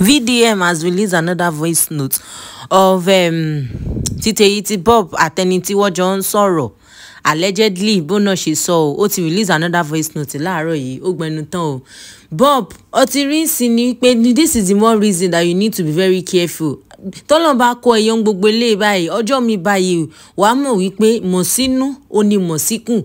vdm has released another voice note of um, titeyiti bob àtẹni tí wọ́n jọ ń sọ̀rọ̀ allegedly bóná ṣe sọ o ó ti release another voice note láàárọ̀ yìí ó gbẹnu tán o bob ó ti rí sí ni pé this is the more reason that you need to be very careful tọ́lọ́ bá kọ ẹ̀yàn gbogbo eléyìí báyìí ọjọ́ mi báyìí wàá mọ̀ wípé mọ̀sínú ó ní mọ̀síkùn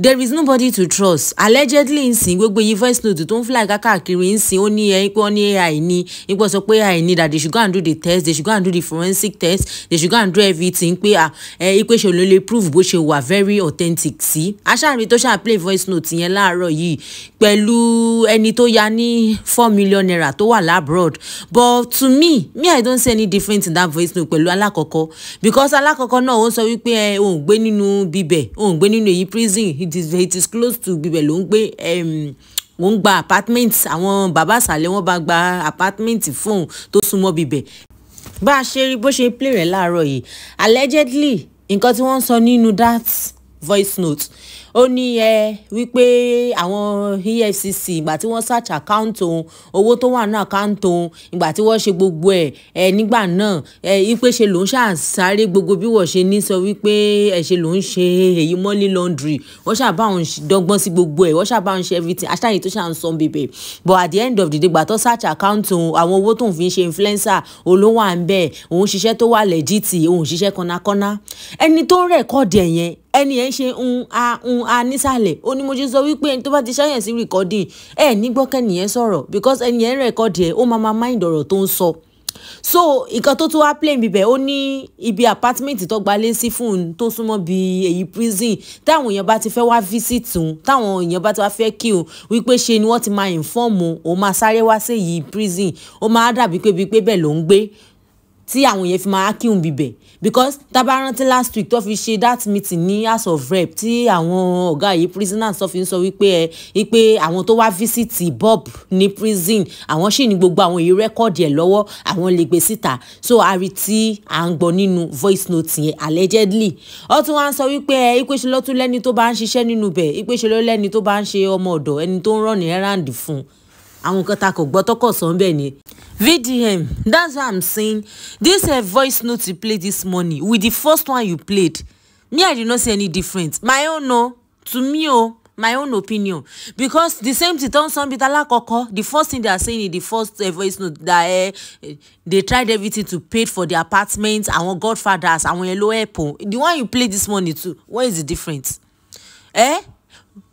there is nobody to trust allegedly ń sìn gbogbo yìí voice note tó ń fly káàkiri ń sìn ó ní ẹ pé wọ́n ní ai ní ipò sọ pé ai ní that they should go and do the test they should go and do the forensic test they should go and do everything pé à ẹ ipe ṣe ló lè prove bó ṣe wà very authentic sí aṣáàrin tó ṣáà play voice note yẹn láàárọ̀ yìí pẹ̀lú ẹni tó ya ní four million naira tó wà labroad but to me me i don't see any difference in that voice note pẹ̀lú alákọ̀ọ́kọ́ because alákọ̀ọ́kọ́ náà ó sọ wípé ẹ òun gbé nínú bíbẹ̀ òun gbé nínú èyí prison it is close to bíbẹ̀ ló ń gbé mo ń gba apartment àwọn bàbá àṣàlẹ̀ wọ́n bá gba apartment fóun tó súnmọ́ bíbẹ̀ bá a ṣe rí bó ṣe play rẹ̀ láàárọ̀ yìí allegedly nǹkan tí wọ́n ń sọ nínú that voice note ó ní ẹ wípé àwọn efcc ìgbà tí wọ́n search account òun owó tó wà ní account òun ìgbà tí wọ́n ṣe gbogbo ẹ̀ ẹ nígbà náà ẹ wípé ṣe lòún ṣàṣàrè gbogbo bí wọ́n ṣe ní sọ wípé ẹ ṣe lòún ṣe èyí money laundry wọ́n ṣàbá òun dọ́gbọ́n sí gbogbo ẹ̀ wọ́n ṣàbá òun ṣe everything aṣááyé tó ṣà ń sọ bèbè but at the end of the day gbà tó search account òun àwọn owó tóun fi ń ṣe influencer olówó à ń bẹ̀ òun ṣiṣẹ́ tó wà lẹ́jìtì òun ṣiṣẹ́ kọ́nákọ́ná ẹni tó ń rẹ̀kọ́ọ̀dì ẹni ẹ̀ ń ṣe ń a un a nísàlẹ̀ ó ní mo ṣe sọ wípé ẹni tó bá ti ṣáyẹ̀ sí rìkọ́dìn ẹ̀ nígbọ́kẹ́ni yẹn sọ̀rọ̀ because ẹni yẹn rẹ̀kọ́dì ẹ̀ ó máa máa máa ìdọ̀rọ̀ tó ń sọ. so ìkan tó tún wá plane bíbẹ̀ ó ní ibi apartment tó gbalé sí fún un tó súnmọ́ bí èyí prison táwọn èèyàn bá ti fẹ́ wá visit òun táwọn èèyàn bá ti wá fẹ́ kí òun wípé ṣe ni wọ́n ti máa inform òun máa sáré wá sí èyí prison ó tí àwọn yẹn fi máa kíhùn bíbẹ̀ because tábà rántí last week tó fi ṣe that meeting ní house of rep tí àwọn ọ̀gá yìí prisoners tó fi ń sọ wípé ẹ wípé àwọn tó wá visit bob ní prison àwọn sì ní gbogbo àwọn èyí rẹ́kọ̀dì ẹ̀ lọ́wọ́ àwọn lè gbé síta so ari tí à ń gbọ́ nínú voice note yẹn allegedly ó tún wá ń sọ wípé ẹ ìpèsè lọ́tún lẹ́ni tó bá ń ṣiṣẹ́ nínú bẹ̀ ìpèsè ló lẹ́ni tó bá ń ṣe ọmọ ọ̀dọ̀ ẹni tó ń rọ̀nì ẹ́ráǹdì fún un àwọn nǹkan ta kò gbọ́ vdm that's why i'm saying This dis uh, voice note you play this morning with the first one you played me i did not see any difference my own no. to me oh, my own opinion because the same thing don sun bitter coco. the first thing they are saying in the first uh, voice note that uh, they tried everything to pay for the apartment àwọn godfathers àwọn yellow apple the one you played this morning too what is the difference? Eh?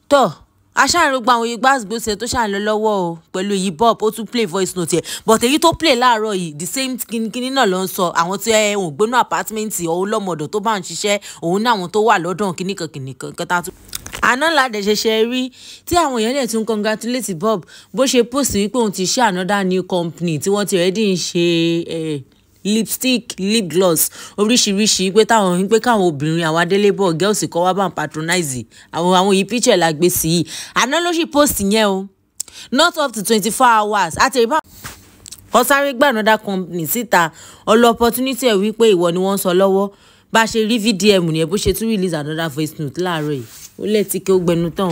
tó aṣáàrin gba àwọn igbá gbèsè tó ṣàn lọ lọ́wọ́ o pẹ̀lú èyí bob ó tún play voice note yẹ but èyí tó play láàárọ̀ yìí the same kinní náà ló ń sọ àwọn tí ẹ eh, òun gbénú apartment ọ̀hún lọ́mọdọ̀ tó bá ń ṣiṣẹ́ òun náà àwọn tó wà lọ́dọ̀ kìnnìkan kìnnìkan kẹta tó àná ládẹ ṣẹ̀ṣẹ̀ rí tí àwọn èèyàn lè tún congratulate bob bó ṣe post wípé òun ti ṣe another new company tí wọ́n ti rẹ́dí ń ṣe eh, lipstick lip gloss oríṣiríṣi pé táwọn pé káwọn obìnrin àwọn adélébọ̀ girls kọ́ wá bá ń patronize àwọn àwọn yìí picture la gbé sí i àná ló sì post yẹn o not up to twenty four hours àti ìbá ọ sáré gbà another company síta ọlọ opportunity ẹ wípé ìwọ ni wọ́n ń sọ lọ́wọ́ bá a ṣe rí vdm ni bó ṣe tún release another voice note láàárọ̀ yìí ó lẹ́ẹ̀tì kí ó gbẹnu tán.